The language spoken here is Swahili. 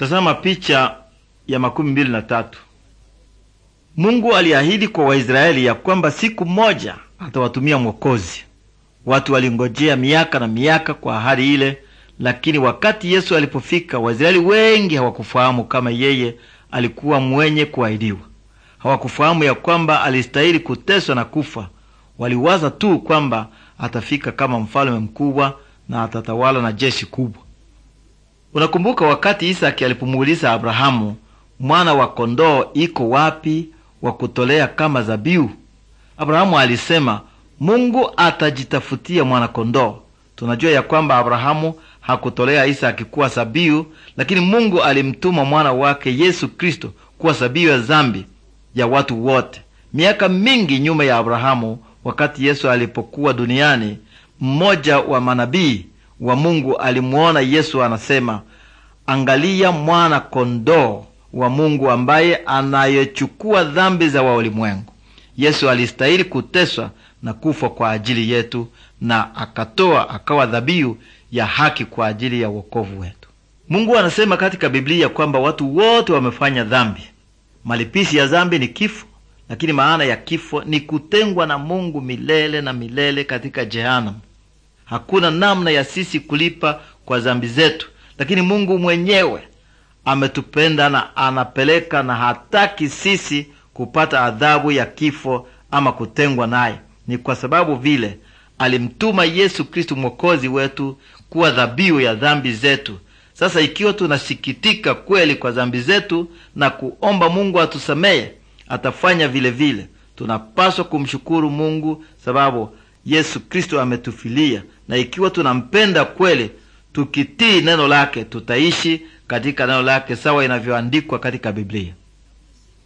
Tazama picha ya makumi mbili na tatu. Mungu aliahidi kwa Waisraeli ya kwamba siku moja atawatumia mwokozi. Watu walingojea miaka na miaka kwa ahadi ile, lakini wakati Yesu alipofika, Waisraeli wengi hawakufahamu kama yeye alikuwa mwenye kuahidiwa. Hawakufahamu ya kwamba alistahili kuteswa na kufa. Waliwaza tu kwamba atafika kama mfalme mkubwa na atatawala na jeshi kubwa. Unakumbuka wakati Isaki alipomuuliza Abrahamu, mwana wa kondoo iko wapi wa kutolea kama zabiu? Abrahamu alisema Mungu atajitafutia mwana kondoo. Tunajua ya kwamba Abrahamu hakutolea Isaki kuwa zabiu, lakini Mungu alimtuma mwana wake Yesu Kristo kuwa zabiu ya zambi ya watu wote. Miaka mingi nyuma ya Abrahamu, wakati Yesu alipokuwa duniani, mmoja wa manabii wa Mungu alimwona Yesu anasema, angalia mwana kondoo wa Mungu ambaye anayechukua dhambi za wa ulimwengu. Yesu alistahili kuteswa na kufa kwa ajili yetu, na akatoa akawa dhabihu ya haki kwa ajili ya wokovu wetu. Mungu anasema katika Biblia kwamba watu wote wamefanya dhambi. malipisi ya dhambi ni kifo, lakini maana ya kifo ni kutengwa na Mungu milele na milele katika jehanamu. Hakuna namna ya sisi kulipa kwa zambi zetu, lakini Mungu mwenyewe ametupenda na anapeleka, na hataki sisi kupata adhabu ya kifo ama kutengwa naye. Ni kwa sababu vile alimtuma Yesu Kristu mwokozi wetu kuwa dhabihu ya dhambi zetu. Sasa ikiwa tunasikitika kweli kwa zambi zetu na kuomba Mungu atusamehe, atafanya vile vile. Tunapaswa kumshukuru Mungu sababu Yesu Kristo ametufilia na ikiwa tunampenda kweli, tukitii neno lake tutaishi katika neno lake sawa inavyoandikwa katika Biblia.